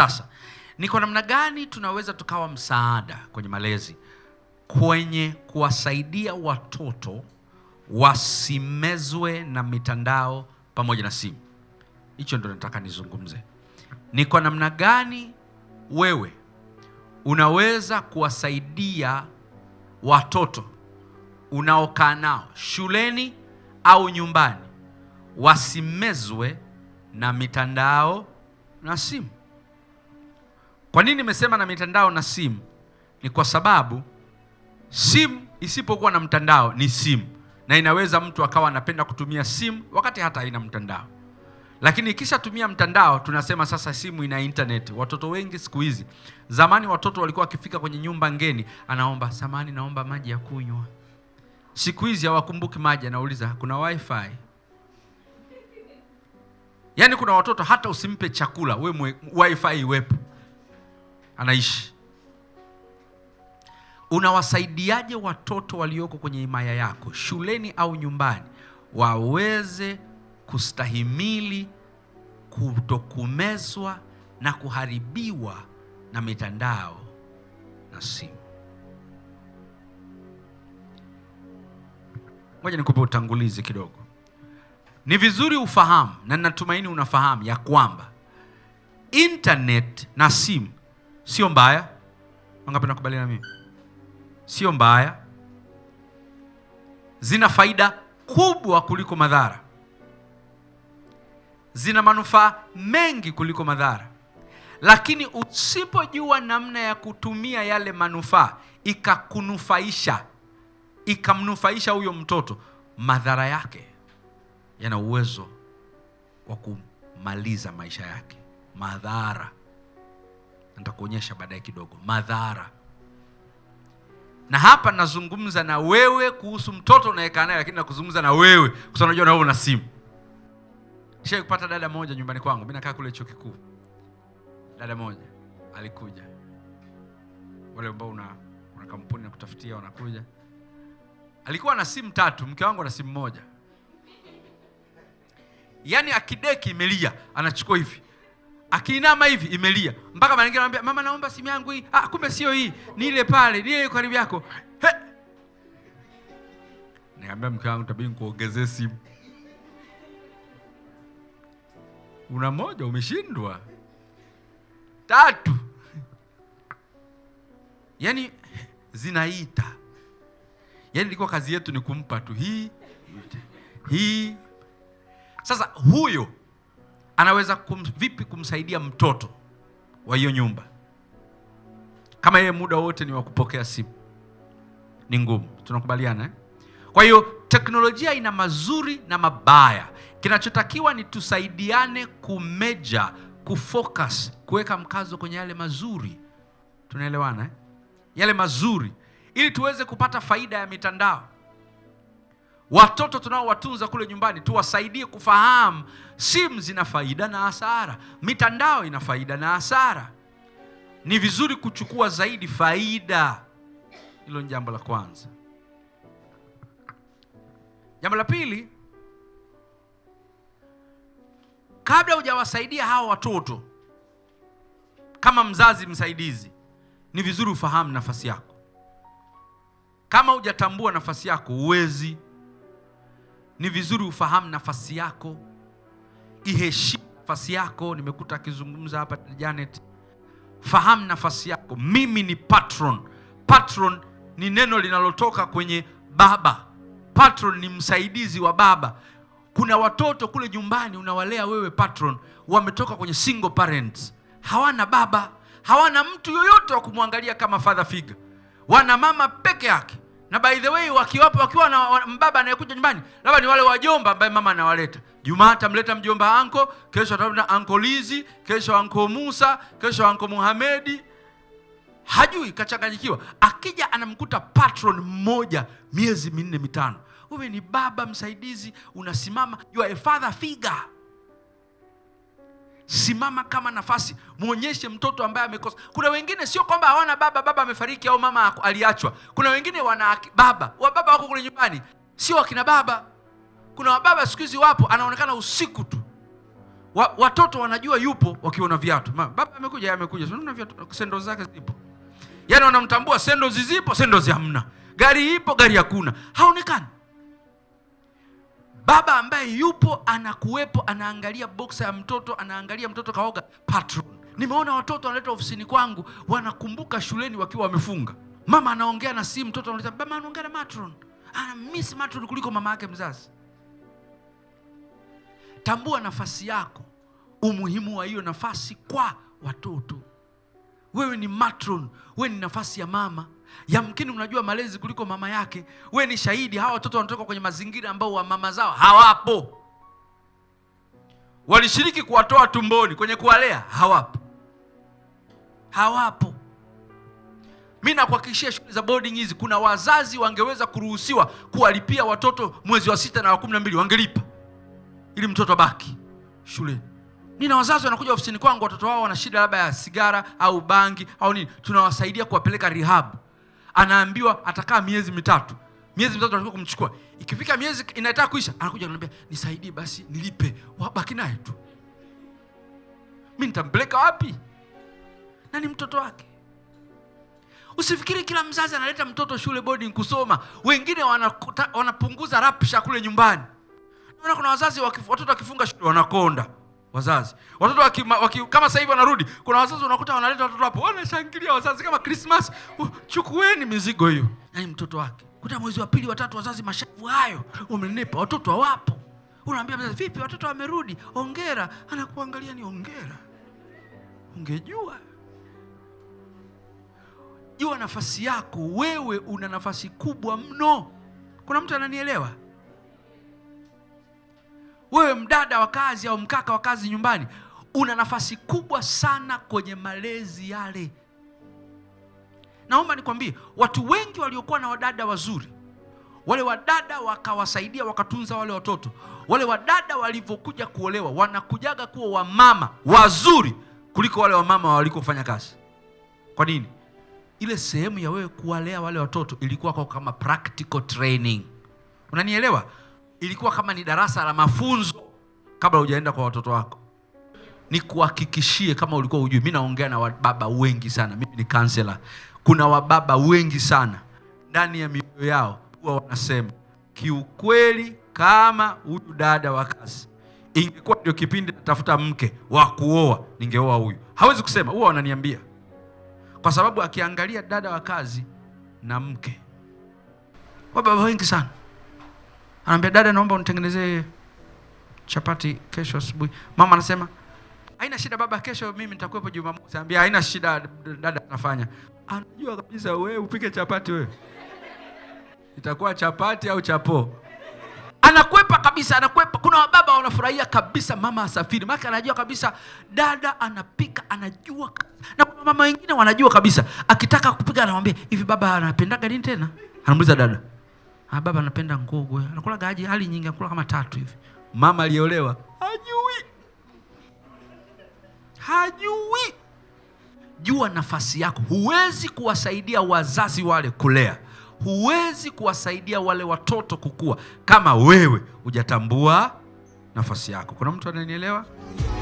Sasa ni kwa namna gani tunaweza tukawa msaada kwenye malezi, kwenye kuwasaidia watoto wasimezwe na mitandao pamoja na simu? Hicho ndo nataka nizungumze. Ni kwa namna gani wewe unaweza kuwasaidia watoto unaokaa nao shuleni au nyumbani wasimezwe na mitandao na simu. Kwa nini nimesema na mitandao na simu? Ni kwa sababu simu isipokuwa na mtandao ni simu, na inaweza mtu akawa anapenda kutumia simu wakati hata haina mtandao, lakini ikishatumia mtandao tunasema sasa simu ina internet. Watoto wengi siku hizi, zamani watoto walikuwa wakifika kwenye nyumba ngeni, anaomba samani, naomba maji ya kunywa. Siku hizi hawakumbuki maji, anauliza kuna wifi. Yaani kuna watoto hata usimpe chakula we wifi iwepo anaishi. Unawasaidiaje watoto walioko kwenye himaya yako shuleni au nyumbani waweze kustahimili kutokumezwa na kuharibiwa na mitandao na simu? moja nikupe utangulizi kidogo. Ni vizuri ufahamu, na ninatumaini unafahamu ya kwamba intnet na simu Sio mbaya. Wangapi nakubaliana mimi? Sio mbaya, zina faida kubwa kuliko madhara, zina manufaa mengi kuliko madhara, lakini usipojua namna ya kutumia yale manufaa ikakunufaisha, ikamnufaisha huyo mtoto, madhara yake yana uwezo wa kumaliza maisha yake. Madhara nitakuonyesha baadaye kidogo madhara. Na hapa nazungumza na wewe kuhusu mtoto unayekaa naye, lakini nakuzungumza na wewe kwa sababu unajua na wewe una simu. Nishawahi kupata dada moja nyumbani kwangu, mimi nakaa kule chuo kikuu. Dada moja alikuja, wale ambao una, una kampuni na kutafutia wanakuja. Alikuwa na simu tatu, mke wangu ana simu moja, yaani akideki imelia anachukua hivi akiinama hivi imelia mpaka mara mama, naomba simu yangu hii. Ah, kumbe sio hii, ni ile pale, ni ile karibu yako. Niambia mke wangu, tabii nikuongezee simu. Una moja umeshindwa tatu, yaani zinaita, yaani ilikuwa kazi yetu ni kumpa tu hii hii. Sasa huyo anaweza kum, vipi kumsaidia mtoto wa hiyo nyumba kama yeye muda wote ni wa kupokea simu? Ni ngumu, tunakubaliana eh? Kwa hiyo teknolojia ina mazuri na mabaya. Kinachotakiwa ni tusaidiane kumeja, kufocus, kuweka mkazo kwenye yale mazuri. Tunaelewana eh? Yale mazuri ili tuweze kupata faida ya mitandao. Watoto tunaowatunza kule nyumbani tuwasaidie kufahamu simu zina faida na hasara, mitandao ina faida na hasara. Ni vizuri kuchukua zaidi faida. Hilo ni jambo la kwanza. Jambo la pili, kabla hujawasaidia hawa watoto, kama mzazi msaidizi, ni vizuri ufahamu nafasi yako. Kama hujatambua nafasi yako, huwezi ni vizuri ufahamu nafasi yako, iheshimu nafasi yako. Nimekuta akizungumza hapa Janet, fahamu nafasi yako. Mimi ni patron. Patron ni neno linalotoka kwenye baba. Patron ni msaidizi wa baba. Kuna watoto kule nyumbani unawalea wewe patron, wametoka kwenye single parents, hawana baba, hawana mtu yoyote wa kumwangalia kama father figure, wana mama peke yake na by the way wakiwapo wakiwa na mbaba anayekuja nyumbani, labda ni wale wajomba ambaye mama anawaleta. Jumaa atamleta mjomba anko, kesho atamleta anko Lizi, kesho anko Musa, kesho anko Muhamedi. Hajui, kachanganyikiwa. Akija anamkuta patron mmoja, miezi minne mitano. Wewe ni baba msaidizi, unasimama, you are a father figure simama kama nafasi, mwonyeshe mtoto ambaye amekosa. Kuna wengine sio kwamba hawana baba, baba amefariki au mama aliachwa. Kuna wengine wana baba, wababa wako kule nyumbani, sio wakina baba. Kuna wababa siku hizi wapo, anaonekana usiku tu wa, watoto wanajua yupo wakiona viatu, baba amekuja, amekuja, viatu, sendo zake zipo, yaani wanamtambua, sendo zizipo, sendo hamna, gari ipo, gari hakuna, haonekani baba ambaye yupo anakuwepo, anaangalia boksa ya mtoto, anaangalia mtoto kaoga, patron. Nimeona watoto wanaleta ofisini kwangu, wanakumbuka shuleni wakiwa wamefunga. Mama anaongea na si mtoto analeta, baba anaongea na matron, anamisi matron kuliko mama yake mzazi. Tambua nafasi yako, umuhimu wa hiyo nafasi kwa watoto. Wewe ni matron, wewe ni nafasi ya mama. Yamkini unajua malezi kuliko mama yake. We ni shahidi, hawa watoto wanatoka kwenye mazingira ambao wa mama zao hawapo, walishiriki kuwatoa tumboni, kwenye kuwalea hawapo, hawapo. Mi nakuhakikishia shule za boarding hizi, kuna wazazi wangeweza kuruhusiwa kuwalipia watoto mwezi wa sita na wa kumi na mbili wangelipa ili mtoto baki shuleni. Nina wazazi wanakuja ofisini kwangu, watoto wao wana shida labda ya sigara au bangi au nini, tunawasaidia kuwapeleka rehab anaambiwa atakaa miezi mitatu miezi mitatu anataka kumchukua. Ikifika miezi inataka kuisha, anakuja ananiambia, nisaidie basi nilipe. Wabaki naye tu, mimi nitampeleka wapi? Na ni mtoto wake. Usifikiri kila mzazi analeta mtoto shule boarding kusoma. Wengine wanakuta, wanapunguza rapsha kule nyumbani. Naona kuna wazazi watoto wakifunga shule wanakonda wazazi watoto waki, waki, kama sasa hivi wanarudi, kuna wazazi unakuta wanaleta watoto hapo, wanashangilia wazazi kama Christmas. Uh, chukueni mizigo hiyo, nani mtoto wake kuta mwezi wa pili watatu, wazazi mashavu hayo, umenipa watoto hawapo. Unaambia mzazi, vipi watoto wamerudi, ongera. Anakuangalia ni ongera, ungejua jua nafasi yako wewe, una nafasi kubwa mno. Kuna mtu ananielewa? wewe mdada wa kazi au mkaka wa kazi nyumbani, una nafasi kubwa sana kwenye malezi yale. Naomba nikwambie, watu wengi waliokuwa na wadada wazuri, wale wadada wakawasaidia wakatunza wale watoto, wale wadada walivyokuja kuolewa, wanakujaga kuwa wamama wazuri kuliko wale wamama walikofanya kazi. Kwa nini? Ile sehemu ya wewe kuwalea wale watoto ilikuwa kwa kama practical training, unanielewa? ilikuwa kama ni darasa la mafunzo kabla hujaenda kwa watoto wako. Nikuhakikishie kama ulikuwa hujui, mimi naongea na wababa wengi sana, mimi ni kansela. Kuna wababa wengi sana ndani ya mioyo yao huwa wanasema kiukweli, kama huyu dada wa kazi ingekuwa ndio kipindi natafuta mke wa kuoa, ningeoa huyu. Hawezi kusema, huwa wananiambia kwa sababu akiangalia dada wa kazi na mke, wababa wengi sana Anambia dada, naomba unitengenezee chapati kesho asubuhi. Mama anasema haina shida baba, kesho mimi nitakuwepo Jumamosi. Anambia haina shida dada, anafanya Anajua kabisa wewe upike chapati wewe. Itakuwa chapati au chapo. Anakwepa kabisa, anakwepa. Kuna wababa wanafurahia kabisa mama asafiri, maana anajua kabisa dada anapika, anajua. Na kuna mama wengine wanajua kabisa, akitaka kupika anamwambia hivi, baba anapendaga nini tena? anamuliza dada Ah, baba anapenda ngogwe. Anakula gaji hali nyingi anakula kama tatu hivi. Mama aliolewa hajui. Hajui. Jua nafasi yako. Huwezi kuwasaidia wazazi wale kulea. Huwezi kuwasaidia wale watoto kukua kama wewe hujatambua nafasi yako. Kuna mtu ananielewa?